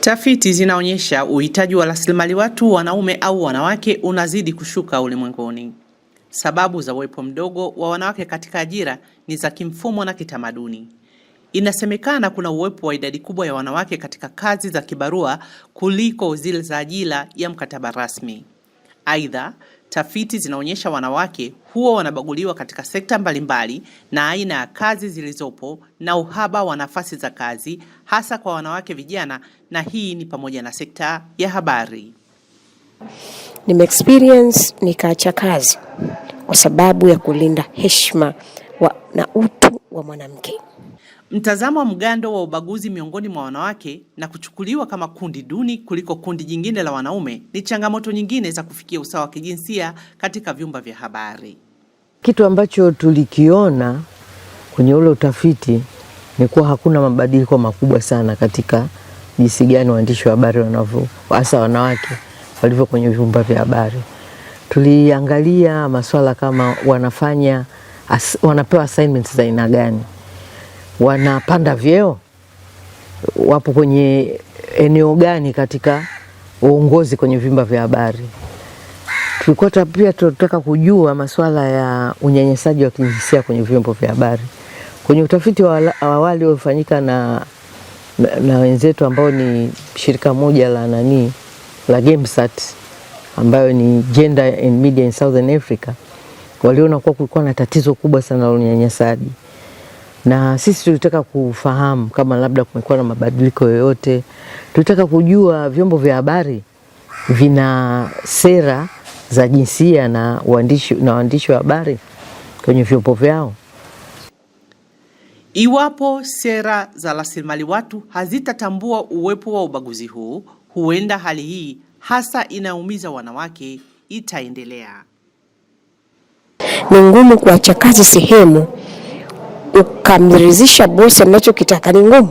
Tafiti zinaonyesha uhitaji wa rasilimali watu wanaume au wanawake unazidi kushuka ulimwenguni. Sababu za uwepo mdogo wa wanawake katika ajira ni za kimfumo na kitamaduni. Inasemekana kuna uwepo wa idadi kubwa ya wanawake katika kazi za kibarua kuliko zile za ajira ya mkataba rasmi. Aidha, tafiti zinaonyesha wanawake huwa wanabaguliwa katika sekta mbalimbali na aina ya kazi zilizopo na uhaba wa nafasi za kazi hasa kwa wanawake vijana, na hii ni pamoja na sekta ya habari nimeexperience nikaacha kazi kwa sababu ya kulinda heshima wa, na utu wa mwanamke. Mtazamo wa mgando wa ubaguzi miongoni mwa wanawake na kuchukuliwa kama kundi duni kuliko kundi jingine la wanaume ni changamoto nyingine za kufikia usawa wa kijinsia katika vyumba vya habari. Kitu ambacho tulikiona kwenye ule utafiti ni kuwa hakuna mabadiliko makubwa sana katika jinsi gani waandishi wa habari wanavyo, hasa wanawake walivyo kwenye vyumba vya habari. Tuliangalia masuala kama wanafanya as, wanapewa assignments za aina gani, wanapanda vyeo, wapo kwenye eneo gani katika uongozi kwenye vyumba vya habari. Tulikuwa pia tunataka kujua masuala ya unyanyasaji wa kijinsia kwenye vyombo vya habari. Kwenye utafiti wa awali uliofanyika na, na wenzetu ambao ni shirika moja la nanii la GEMSAT ambayo ni Gender and Media in Southern Africa, waliona kuwa kulikuwa na tatizo kubwa sana la unyanyasaji, na sisi tulitaka kufahamu kama labda kumekuwa na mabadiliko yoyote. Tulitaka kujua vyombo vya habari vina sera za jinsia na waandishi na waandishi wa habari kwenye vyombo vyao. Iwapo sera za rasilimali watu hazitatambua uwepo wa ubaguzi huu, Huenda hali hii hasa inaumiza wanawake itaendelea. Ni ngumu kuacha kazi sehemu ukamridhisha bosi anachokitaka, ni ngumu,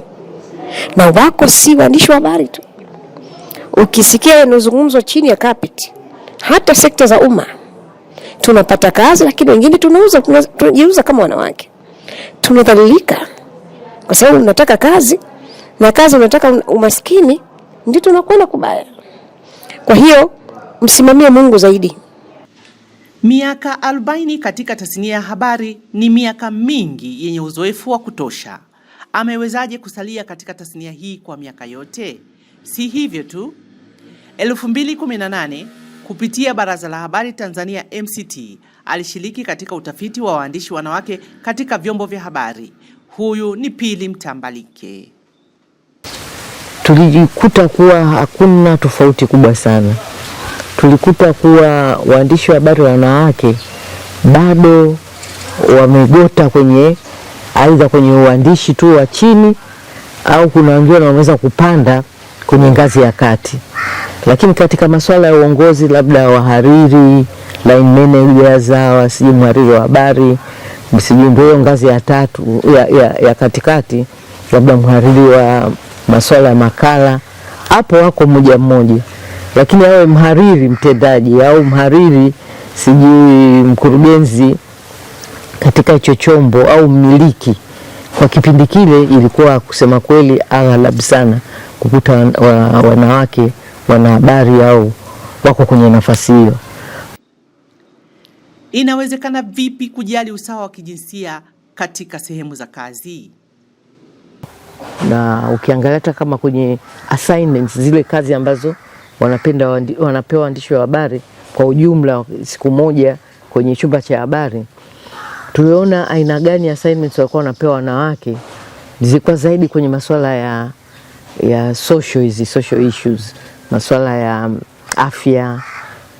na wako si waandishi wa habari tu. Ukisikia yanazungumzwa chini ya carpet, hata sekta za umma tunapata kazi, lakini wengine tunauza, tunajiuza kama wanawake, tunadhalilika kwa sababu unataka kazi na kazi unataka umaskini ndio tunakwenda kubaya. Kwa hiyo msimamie Mungu zaidi. Miaka 40 katika tasnia ya habari ni miaka mingi yenye uzoefu wa kutosha. Amewezaje kusalia katika tasnia hii kwa miaka yote? Si hivyo tu, 2018 kupitia Baraza la Habari Tanzania MCT alishiriki katika utafiti wa waandishi wanawake katika vyombo vya habari. Huyu ni Pili Mtambalike tulijikuta kuwa hakuna tofauti kubwa sana. Tulikuta kuwa waandishi wa habari wanawake bado wamegota kwenye aidha kwenye uandishi tu wa chini au kuna wengine wanaweza kupanda kwenye ngazi ya kati, lakini katika masuala ya uongozi, labda wahariri, line managers, sijui mhariri wa habari, sijui ndio ngazi ya tatu ya, ya, ya katikati, labda mhariri wa masuala ya makala hapo wako mmoja mmoja, lakini awe mhariri mtendaji au mhariri sijui mkurugenzi katika hicho chombo au mmiliki, kwa kipindi kile ilikuwa kusema kweli aghalabu sana kukuta wanawake wanahabari au wako kwenye nafasi hiyo. Inawezekana vipi kujali usawa wa kijinsia katika sehemu za kazi? na ukiangalia hata kama kwenye assignments zile kazi ambazo wanapenda wandi, wanapewa waandishi wa habari kwa ujumla, siku moja kwenye chumba cha habari, tuliona aina gani assignments walikuwa wanapewa wanawake zilikuwa zaidi kwenye masuala ya, ya social, hizi social issues, masuala ya mm, afya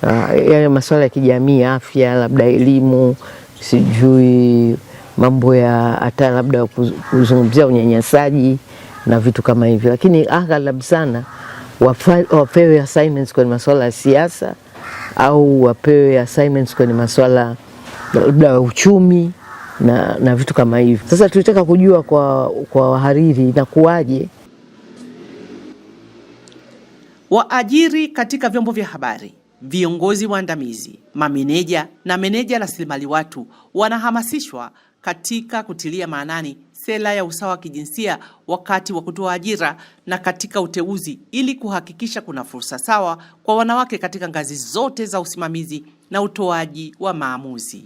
uh, yale masuala ya kijamii, afya, labda elimu, sijui mambo ya hata labda kuzungumzia unyanyasaji na vitu kama hivyo, lakini aghalabu sana wapewe assignments kwenye masuala ya siasa au wapewe assignments kwenye masuala labda ya uchumi na, na vitu kama hivyo. Sasa tulitaka kujua kwa, kwa wahariri inakuwaje waajiri katika vyombo vya habari, viongozi waandamizi, mameneja na meneja rasilimali watu wanahamasishwa katika kutilia maanani sera ya usawa wa kijinsia wakati wa kutoa ajira na katika uteuzi ili kuhakikisha kuna fursa sawa kwa wanawake katika ngazi zote za usimamizi na utoaji wa maamuzi.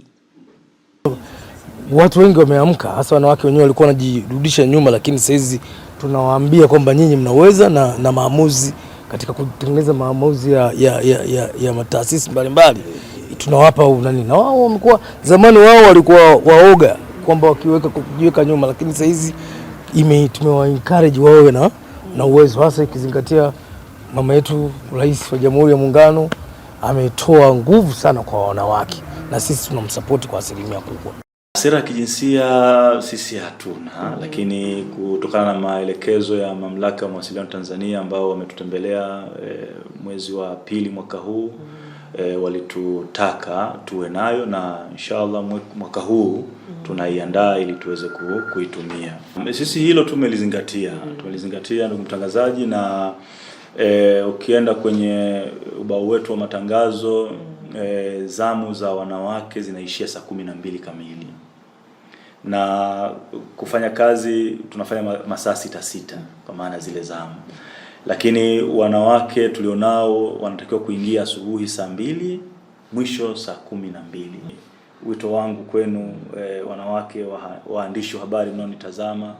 Watu wengi wameamka, hasa wanawake wenyewe walikuwa wanajirudisha nyuma, lakini sasa hizi tunawaambia kwamba nyinyi mnaweza na, na maamuzi katika kutengeneza maamuzi ya, ya, ya, ya, ya mataasisi mbalimbali tunawapa nani, na wao wamekuwa zamani, wao walikuwa waoga kwamba wakiweka kujiweka nyuma, lakini sasa hizi tumewa encourage wawe na, na uwezo hasa ikizingatia mama yetu Rais wa Jamhuri ya Muungano ametoa nguvu sana kwa wanawake na sisi tunamsapoti kwa asilimia kubwa. Sera ya kijinsia sisi hatuna, lakini kutokana na maelekezo ya Mamlaka ya Mawasiliano Tanzania ambao wametutembelea e, mwezi wa pili mwaka huu e, walitutaka tuwe nayo na inshallah mwaka huu Mm-hmm. tunaiandaa ili tuweze kuitumia. Sisi hilo tumelizingatia, mm-hmm. tumelizingatia ndugu mtangazaji, na e, ukienda kwenye ubao wetu wa matangazo e, zamu za wanawake zinaishia saa kumi na mbili kamili na kufanya kazi tunafanya masaa sita sita kwa maana zile zamu, lakini wanawake tulionao wanatakiwa kuingia asubuhi saa mbili mwisho saa kumi na mbili wito wangu kwenu e, wanawake wa, waandishi wa habari mnaonitazama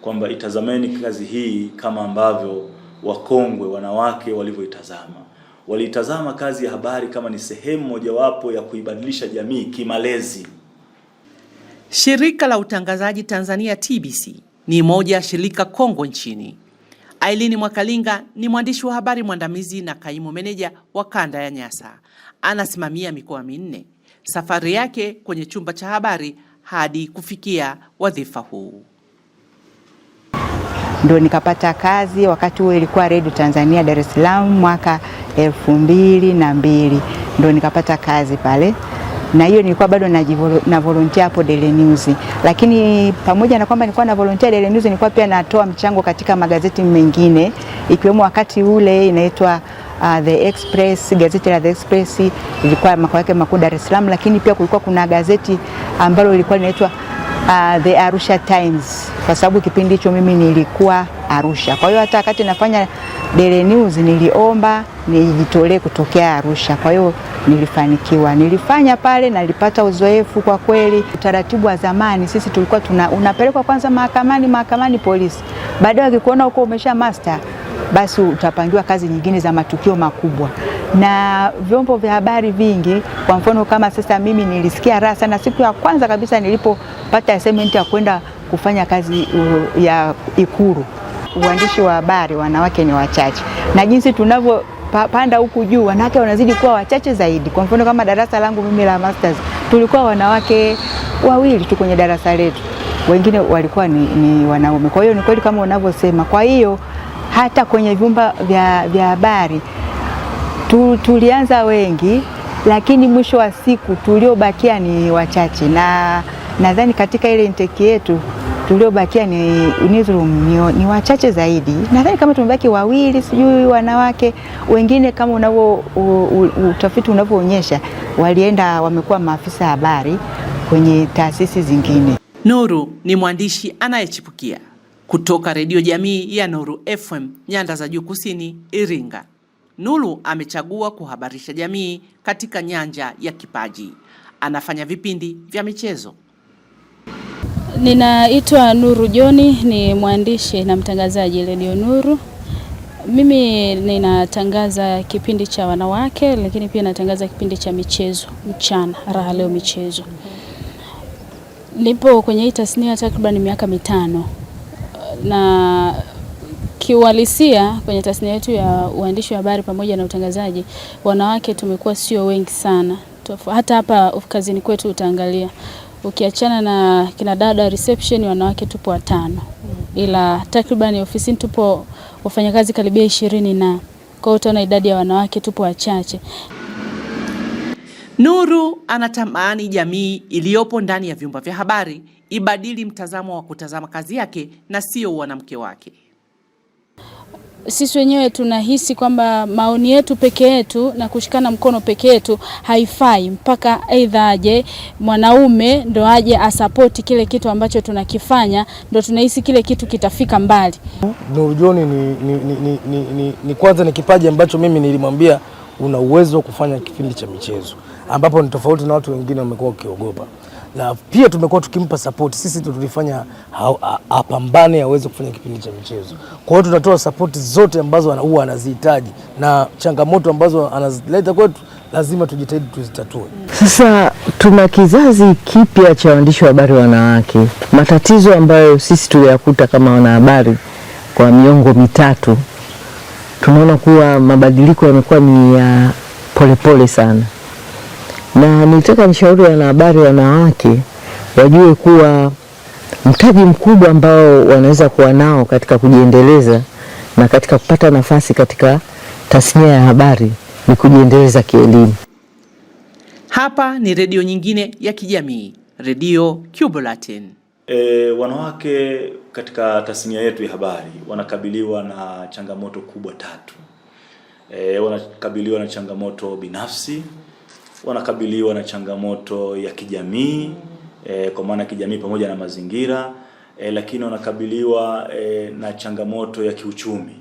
kwamba itazameni kazi hii kama ambavyo wakongwe wanawake walivyoitazama. Waliitazama kazi ya habari kama ni sehemu mojawapo ya kuibadilisha jamii kimalezi. Shirika la Utangazaji Tanzania TBC ni moja ya shirika kongwe nchini. Aileen Mwakalinga ni mwandishi wa habari mwandamizi na kaimu meneja wa kanda ya Nyasa, anasimamia mikoa minne safari yake kwenye chumba cha habari hadi kufikia wadhifa huu. Ndio nikapata kazi, wakati huo ilikuwa Redio Tanzania Dar es Salaam mwaka elfu mbili na mbili ndio nikapata kazi pale, na hiyo nilikuwa bado na, na volunteer hapo Daily News, lakini pamoja na kwamba nilikuwa na volunteer Daily News, nilikuwa pia natoa mchango katika magazeti mengine ikiwemo wakati ule inaitwa uh, The Express, gazeti la The Express ilikuwa makao yake makuu Dar es Salaam, lakini pia kulikuwa kuna gazeti ambalo lilikuwa linaitwa uh, The Arusha Times, kwa sababu kipindi hicho mimi nilikuwa Arusha. Kwa hiyo hata wakati nafanya Daily News niliomba nijitolee kutokea Arusha. Kwa hiyo nilifanikiwa, nilifanya pale na nilipata uzoefu kwa kweli. Utaratibu wa zamani sisi tulikuwa tuna, unapelekwa kwanza mahakamani, mahakamani polisi, baadaye wakikuona huko umesha master basi utapangiwa kazi nyingine za matukio makubwa. Na vyombo vya habari vingi, kwa mfano kama sasa mimi nilisikia raha sana siku ya kwanza kabisa nilipopata assignment ya kwenda kufanya kazi uh, ya Ikulu. Uandishi wa habari wanawake ni wachache, na jinsi tunavyo panda huku juu wanawake wanazidi kuwa wachache zaidi. Kwa mfano kama darasa langu mimi la masters tulikuwa wanawake wawili tu kwenye darasa letu, wengine walikuwa ni, ni wanaume. Kwa hiyo ni kweli kama unavyosema, kwa hiyo hata kwenye vyumba vya habari tu, tulianza wengi, lakini mwisho wa siku tuliobakia ni wachache, na nadhani katika ile intake yetu tuliobakia ni newsroom ni, ni wachache zaidi. Nadhani kama tumebaki wawili, sijui wanawake wengine, kama unavyo utafiti unavyoonyesha, walienda wamekuwa maafisa habari kwenye taasisi zingine. Nuru ni mwandishi anayechipukia. Kutoka redio jamii ya Nuru FM nyanda za juu kusini Iringa, Nuru amechagua kuhabarisha jamii katika nyanja ya kipaji. Anafanya vipindi vya michezo. Ninaitwa Nuru Joni, ni mwandishi na mtangazaji redio Nuru. Mimi ninatangaza kipindi cha wanawake, lakini pia natangaza kipindi cha michezo mchana, raha leo michezo. Nipo kwenye hii tasnia takriban miaka mitano na kiuhalisia kwenye tasnia yetu ya uandishi wa habari pamoja na utangazaji, wanawake tumekuwa sio wengi sana. Hata hapa kazini kwetu utaangalia, ukiachana na kina dada reception, wanawake tupo watano, ila takribani ofisini tupo wafanyakazi karibia ishirini na kwa hiyo utaona idadi ya wanawake tupo wachache. Nuru anatamani jamii iliyopo ndani ya vyumba vya habari ibadili mtazamo wa kutazama kazi yake na sio wanamke wake. Sisi wenyewe tunahisi kwamba maoni yetu peke yetu na kushikana mkono peke yetu haifai, mpaka aidha aje mwanaume ndo aje asapoti kile kitu ambacho tunakifanya, ndo tunahisi kile kitu kitafika mbali. Nuru John ni, ni, ni, ni, ni, ni, ni kwanza ni kipaji ambacho mimi nilimwambia una uwezo wa kufanya kipindi cha michezo ambapo ni tofauti na watu wengine wamekuwa wakiogopa, na pia tumekuwa tukimpa support. Sisi tulifanya apambane aweze kufanya kipindi cha michezo. Kwa hiyo tunatoa support zote ambazo huwa anazihitaji na changamoto ambazo anazileta kwetu lazima tujitahidi tuzitatue. Sasa tuna kizazi kipya cha waandishi wa habari wanawake. Matatizo ambayo sisi tuliyakuta kama wanahabari kwa miongo mitatu, tunaona kuwa mabadiliko yamekuwa ni ya polepole polepole sana na nilitaka nishauri wanahabari wanawake wajue kuwa mtaji mkubwa ambao wanaweza kuwa nao katika kujiendeleza na katika kupata nafasi katika tasnia ya habari ni kujiendeleza kielimu. Hapa ni redio nyingine ya kijamii, Redio Cubo Latin. E, wanawake katika tasnia yetu ya habari wanakabiliwa na changamoto kubwa tatu. E, wanakabiliwa na changamoto binafsi wanakabiliwa na changamoto ya kijamii e, kwa maana kijamii pamoja na mazingira e, lakini wanakabiliwa e, na changamoto ya kiuchumi.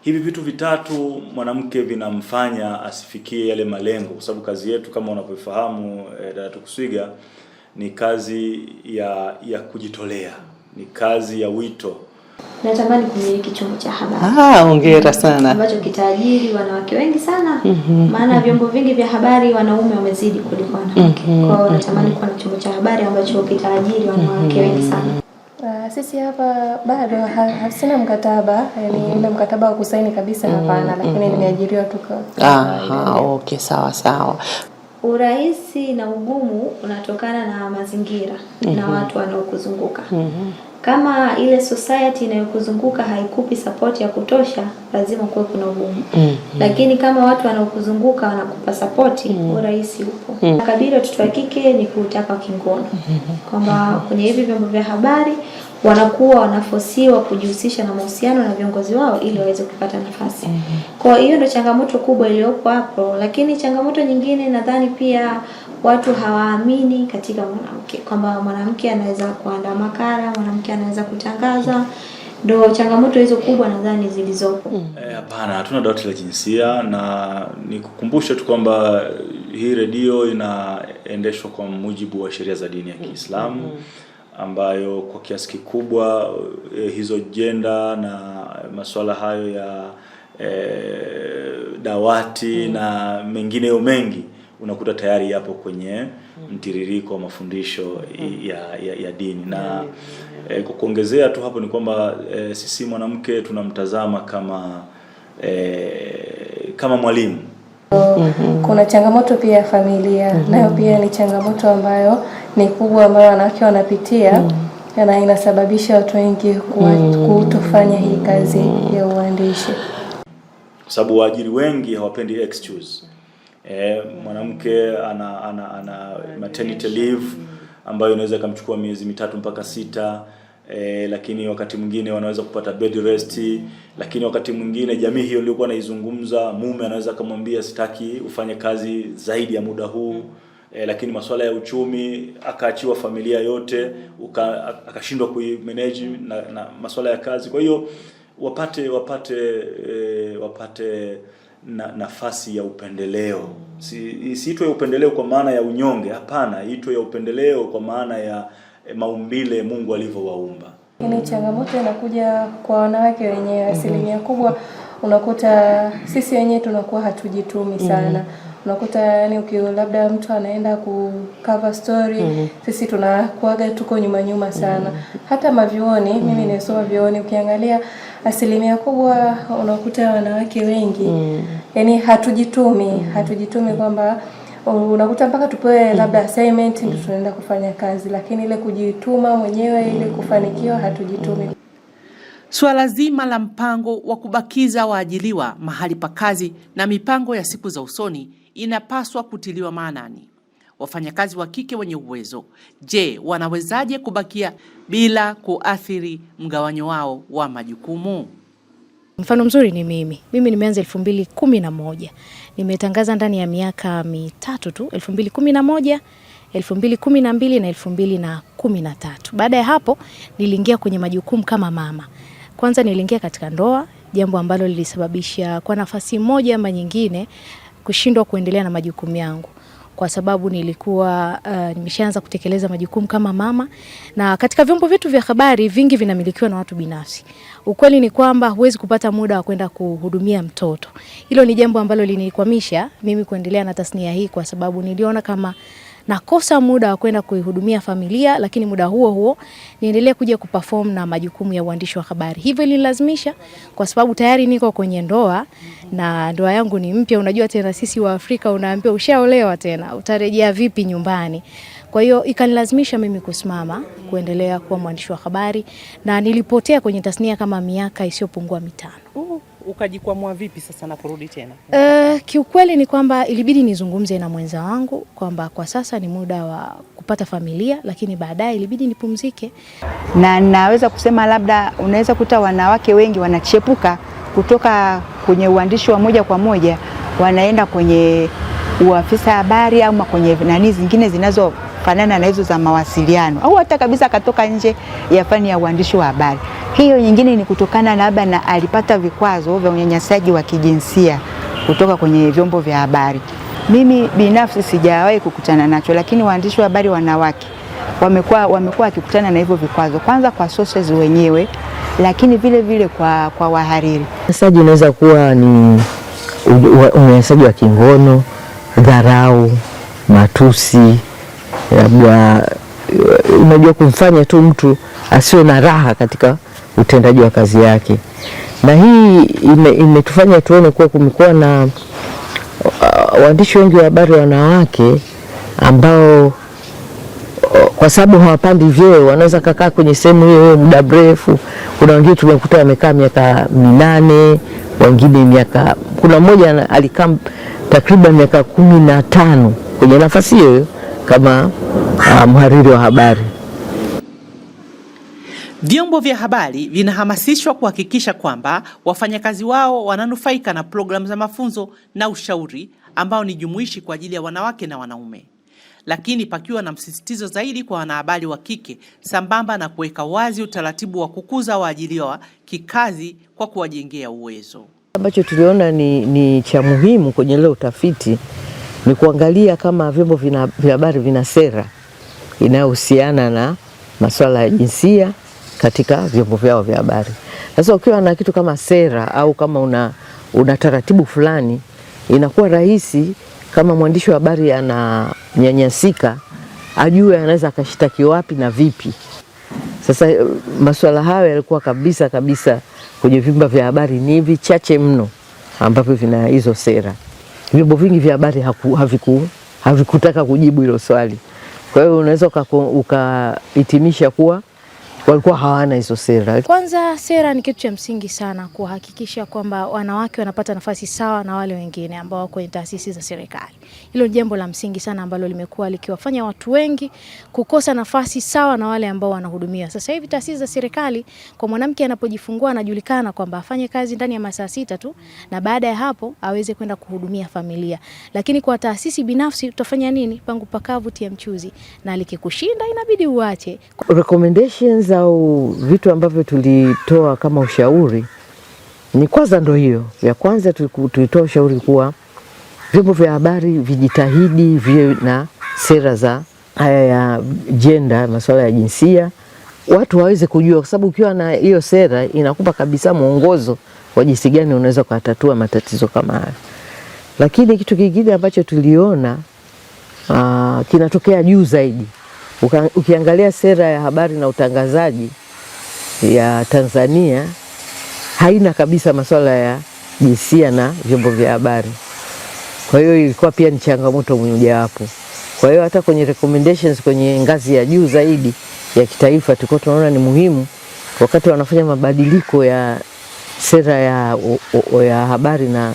Hivi vitu vitatu mwanamke vinamfanya asifikie yale malengo, kwa sababu kazi yetu kama unavyofahamu e, dada Tukuswiga ni kazi ya ya kujitolea, ni kazi ya wito natamani kumiliki chombo cha habari. Ah, hongera sana. Ambacho kitaajiri wanawake wengi sana. Mm -hmm. Maana vyombo vingi vya habari wanaume wamezidi kuliko wanawake. Mm -hmm. Kwa hiyo natamani kuwa na chombo cha habari ambacho kitaajiri wanawake mhm. wengi sana. Uh, sisi hapa bado hasina ha, mkataba yani ule mhm. mkataba wa kusaini kabisa, hapana. mm -hmm. Lakini mhm. nimeajiriwa tu kwa. Aha, okay, sawa sawa. Urahisi na ugumu unatokana na mazingira mm -hmm. na watu wanaokuzunguka. mm -hmm. Kama ile society inayokuzunguka haikupi support ya kutosha, lazima kuwe kuna ugumu mm -hmm. Lakini kama watu wanaokuzunguka wanakupa support mm -hmm. urahisi upo mm -hmm. Kabila watoto wa kike ni kuutaka kingono mm -hmm. kwamba kwenye hivi vyombo vya habari wanakuwa wanafosiwa kujihusisha na mahusiano na viongozi wao ili waweze kupata nafasi mm -hmm. Kwa hiyo ndio changamoto kubwa iliyopo hapo, lakini changamoto nyingine nadhani pia watu hawaamini katika mwanamke kwamba mwanamke anaweza kuandaa makala, mwanamke anaweza kutangaza. Ndo changamoto hizo kubwa nadhani zilizopo. Mm. Eh, hapana, mm. hatuna dawati la jinsia, na nikukumbushe tu kwamba hii redio inaendeshwa kwa mujibu wa sheria za dini ya mm. Kiislamu mm -hmm. ambayo kwa kiasi kikubwa e, hizo jenda na masuala hayo ya e, dawati mm. na mengineyo mengi unakuta tayari yapo kwenye hmm. mtiririko wa mafundisho hmm. ya, ya, ya dini na eh, kwa kuongezea tu hapo ni kwamba eh, sisi mwanamke tunamtazama kama eh, kama mwalimu. Mm-hmm. Kuna changamoto pia ya familia mm -hmm. Nayo pia ni changamoto ambayo ni kubwa ambayo wanawake wanapitia mm -hmm na inasababisha watu wengi mm. kutofanya hii kazi ya uandishi, sababu waajiri wengi hawapendi excuse eh, mwanamke ana, ana, ana maternity leave ambayo inaweza ikamchukua miezi mitatu mpaka sita. E, lakini wakati mwingine wanaweza kupata bed rest, lakini wakati mwingine jamii hiyo iliyokuwa naizungumza, mume anaweza akamwambia sitaki ufanye kazi zaidi ya muda huu mm. E, lakini masuala ya uchumi akaachiwa familia yote akashindwa kuimanage na, na masuala ya kazi, kwa hiyo wapate wapate e, wapate na nafasi ya upendeleo. Si isiitwe ya upendeleo kwa maana ya unyonge, hapana, iitwe ya upendeleo kwa maana ya eh, maumbile Mungu alivyowaumba. Ni changamoto inakuja kwa wanawake wenyewe mhm. asilimia mm -hmm. kubwa unakuta sisi wenyewe tunakuwa hatujitumi mhm. sana mm -hmm. unakuta yani, uki labda mtu anaenda ku cover story mm -hmm. sisi tunakuaga tuko nyuma nyuma sana mm -hmm. hata mavioni mm -hmm. mimi mhm. nimesoma vioni, ukiangalia asilimia kubwa unakuta wanawake wengi mm. yani hatujitumi mm. hatujitumi kwamba unakuta mpaka tupewe mm. labda assignment ndio mm. tunaenda kufanya kazi, lakini ile kujituma mwenyewe ili mm. kufanikiwa hatujitumi. Suala zima la mpango wa kubakiza waajiliwa mahali pa kazi na mipango ya siku za usoni inapaswa kutiliwa maanani wafanyakazi wa kike wenye uwezo. Je, wanawezaje kubakia bila kuathiri mgawanyo wao wa majukumu? Mfano mzuri ni mimi. Mimi nimeanza elfu mbili kumi na moja nimetangaza ndani ya miaka mitatu tu, elfu mbili kumi na moja elfu mbili kumi na mbili na elfu mbili na kumi na tatu Baada ya hapo niliingia kwenye majukumu kama mama. Kwanza niliingia katika ndoa, jambo ambalo lilisababisha kwa nafasi moja ama nyingine kushindwa kuendelea na majukumu yangu kwa sababu nilikuwa uh, nimeshaanza kutekeleza majukumu kama mama, na katika vyombo vyetu vya habari vingi vinamilikiwa na watu binafsi. Ukweli ni kwamba huwezi kupata muda wa kwenda kuhudumia mtoto. Hilo ni jambo ambalo linikwamisha mimi kuendelea na tasnia hii, kwa sababu niliona kama nakosa muda wa kwenda kuihudumia familia, lakini muda huo huo niendelee kuja kuperform na majukumu ya uandishi wa habari. Hivyo ilinilazimisha kwa sababu tayari niko kwenye ndoa na ndoa yangu ni mpya. Unajua tena sisi wa Afrika unaambiwa ushaolewa, tena utarejea vipi nyumbani? Kwa hiyo ikanilazimisha mimi kusimama kuendelea kuwa mwandishi wa habari na nilipotea kwenye tasnia kama miaka isiyopungua mitano ukajikwamua vipi sasa na kurudi tena? Uh, kiukweli ni kwamba ilibidi nizungumze na mwenza wangu kwamba kwa sasa ni muda wa kupata familia, lakini baadaye ilibidi nipumzike, na naweza kusema labda unaweza kuta wanawake wengi wanachepuka kutoka kwenye uandishi wa moja kwa moja wanaenda kwenye uafisa habari au kwenye nani zingine zinazofanana na hizo za mawasiliano, au hata kabisa akatoka nje ya fani ya uandishi wa habari. Hiyo nyingine ni kutokana labda na alipata vikwazo vya unyanyasaji wa kijinsia kutoka kwenye vyombo vya habari. Mimi binafsi sijawahi kukutana nacho, lakini waandishi wa habari wanawake wamekuwa wamekuwa wakikutana na hivyo vikwazo, kwanza kwa sources wenyewe, lakini vile vile kwa, kwa wahariri. Unyanyasaji unaweza kuwa ni unyanyasaji wa kingono, dharau, matusi, labda unajua kumfanya tu mtu asiwe na raha katika utendaji wa kazi yake, na hii imetufanya ime tuone kuwa kumekuwa na uh, waandishi wengi wa habari wanawake ambao uh, kwa sababu hawapandi vyeo wanaweza kakaa kwenye sehemu hiyo hiyo muda mrefu. Kuna wengine tumekuta wamekaa miaka minane, wengine miaka, kuna mmoja alikaa takriban miaka kumi na tano kwenye nafasi hiyo kama uh, mhariri wa habari. Vyombo vya habari vinahamasishwa kuhakikisha kwamba wafanyakazi wao wananufaika na programu za mafunzo na ushauri ambao ni jumuishi kwa ajili ya wanawake na wanaume, lakini pakiwa na msisitizo zaidi kwa wanahabari wa kike sambamba na kuweka wazi utaratibu wa kukuza waajiriwa kikazi kwa kuwajengea uwezo. Ambacho tuliona ni, ni cha muhimu kwenye leo utafiti ni kuangalia kama vyombo vya habari vina sera inayohusiana na masuala ya jinsia katika vyombo vyao vya habari. Sasa ukiwa na kitu kama sera au kama una, una taratibu fulani, inakuwa rahisi kama mwandishi wa habari ananyanyasika, ajue anaweza akashitaki wapi na vipi. Sasa eh, masuala hayo yalikuwa kabisa kabisa kwenye vyumba vya habari ni vichache mno ambavyo vina hizo sera. Vyombo vingi vya habari haviku, havikutaka kujibu hilo swali, kwa hiyo unaweza ukahitimisha kuwa walikuwa hawana hizo sera. Kwanza sera ni kitu cha msingi sana kuhakikisha kwamba wanawake wanapata nafasi sawa na wale wengine ambao wako kwenye taasisi za serikali. Hilo ni jambo la msingi sana ambalo limekuwa likiwafanya watu wengi kukosa nafasi sawa na wale ambao wanahudumia. Sasa hivi taasisi za serikali, kwa mwanamke anapojifungua, anajulikana kwamba afanye kazi ndani ya masaa sita tu na baada ya hapo aweze kwenda kuhudumia familia. Lakini kwa taasisi binafsi utafanya nini? Pangu pakavu tia mchuzi, na likikushinda inabidi uache. Recommendations au vitu ambavyo tulitoa kama ushauri ni kwanza, ndo hiyo ya kwanza tulitoa ushauri kuwa vyombo vya habari vijitahidi viwe na sera za haya ya jenda, masuala ya jinsia, watu waweze kujua, kwa sababu ukiwa na hiyo sera inakupa kabisa mwongozo wa jinsi gani unaweza kutatua matatizo kama haya. Lakini kitu kingine ambacho tuliona aa, ah, kinatokea juu zaidi Uka, ukiangalia sera ya habari na utangazaji ya Tanzania haina kabisa masuala ya jinsia na vyombo vya habari. Kwa hiyo ilikuwa pia ni changamoto mojawapo. Kwa hiyo hata kwenye recommendations kwenye ngazi ya juu zaidi ya kitaifa tulikuwa tunaona ni muhimu wakati wanafanya mabadiliko ya sera ya, o, o, ya habari na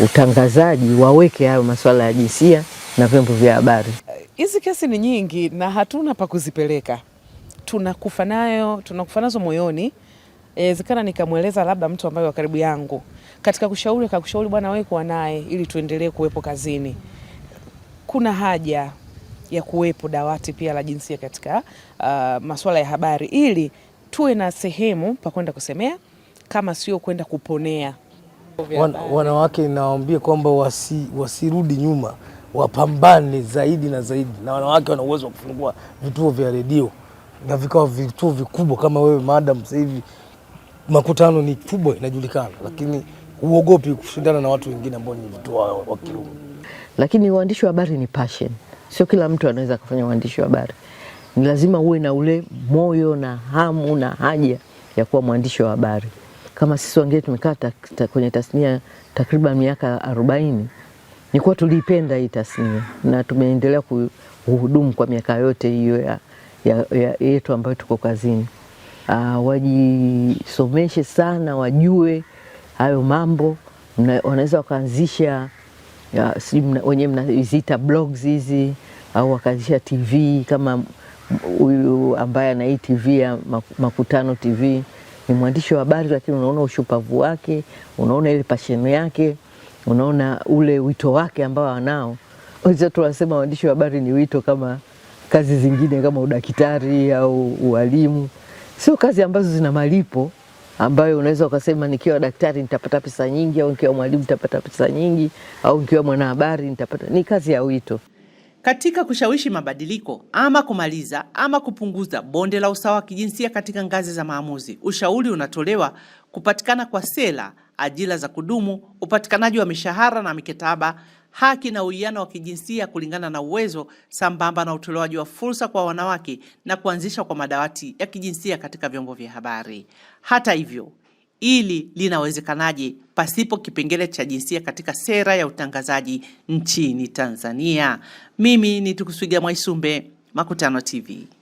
utangazaji waweke hayo masuala ya jinsia na vyombo vya habari hizi kesi ni nyingi na hatuna pa kuzipeleka, tunakufa nayo, tunakufa nazo moyoni. Inawezekana nikamweleza labda mtu ambaye wa karibu yangu katika kushauri, akakushauri bwana, wewe kuwa naye ili tuendelee kuwepo kazini. Kuna haja ya kuwepo dawati pia la jinsia katika uh, masuala ya habari ili tuwe na sehemu pa kwenda kusemea kama sio kwenda kuponea. Wan, wanawake nawaambia kwamba wasirudi wasi nyuma wapambane zaidi na zaidi, na wanawake wana uwezo wa kufungua vituo vya redio na vikawa vituo vikubwa kama wewe madam. Sasa hivi makutano ni kubwa inajulikana, lakini huogopi kushindana na watu wengine ambao ni vituo wa kiume. Lakini uandishi wa habari ni passion, sio kila mtu anaweza kufanya uandishi wa habari. Ni lazima uwe na ule moyo na hamu na haja ya kuwa mwandishi wa habari. Kama sisi wengine tumekaa ta, ta, kwenye tasnia takriban miaka arobaini ni kuwa tuliipenda hii tasnia na tumeendelea kuhudumu kwa miaka yote hiyo ya, ya, ya yetu ambayo tuko kazini. Uh, wajisomeshe sana, wajue hayo mambo. Wanaweza wakaanzisha wenye mnaziita blogs hizi au wakaanzisha TV kama huyu ambaye ana hii TV ya Makutano TV, ni mwandishi wa habari, lakini unaona ushupavu wake, unaona ile pasheni yake. Unaona ule wito wake ambao anao. tu wasema waandishi wa habari ni wito kama kazi zingine kama udaktari au ualimu, sio kazi ambazo zina malipo ambayo unaweza ukasema nikiwa daktari nitapata pesa nyingi, au nikiwa mwalimu nitapata pesa nyingi, au nikiwa mwanahabari nitapata. Ni kazi ya wito. Katika kushawishi mabadiliko ama kumaliza ama kupunguza bonde la usawa wa kijinsia katika ngazi za maamuzi, ushauri unatolewa kupatikana kwa sera, ajira za kudumu, upatikanaji wa mishahara na mikataba, haki na uwiano wa kijinsia kulingana na uwezo, sambamba na utolewaji wa fursa kwa wanawake na kuanzishwa kwa madawati ya kijinsia katika vyombo vya habari. Hata hivyo ili linawezekanaje pasipo kipengele cha jinsia katika sera ya utangazaji nchini Tanzania. Mimi ni Tukuswiga Mwaisumbe, Makutano TV.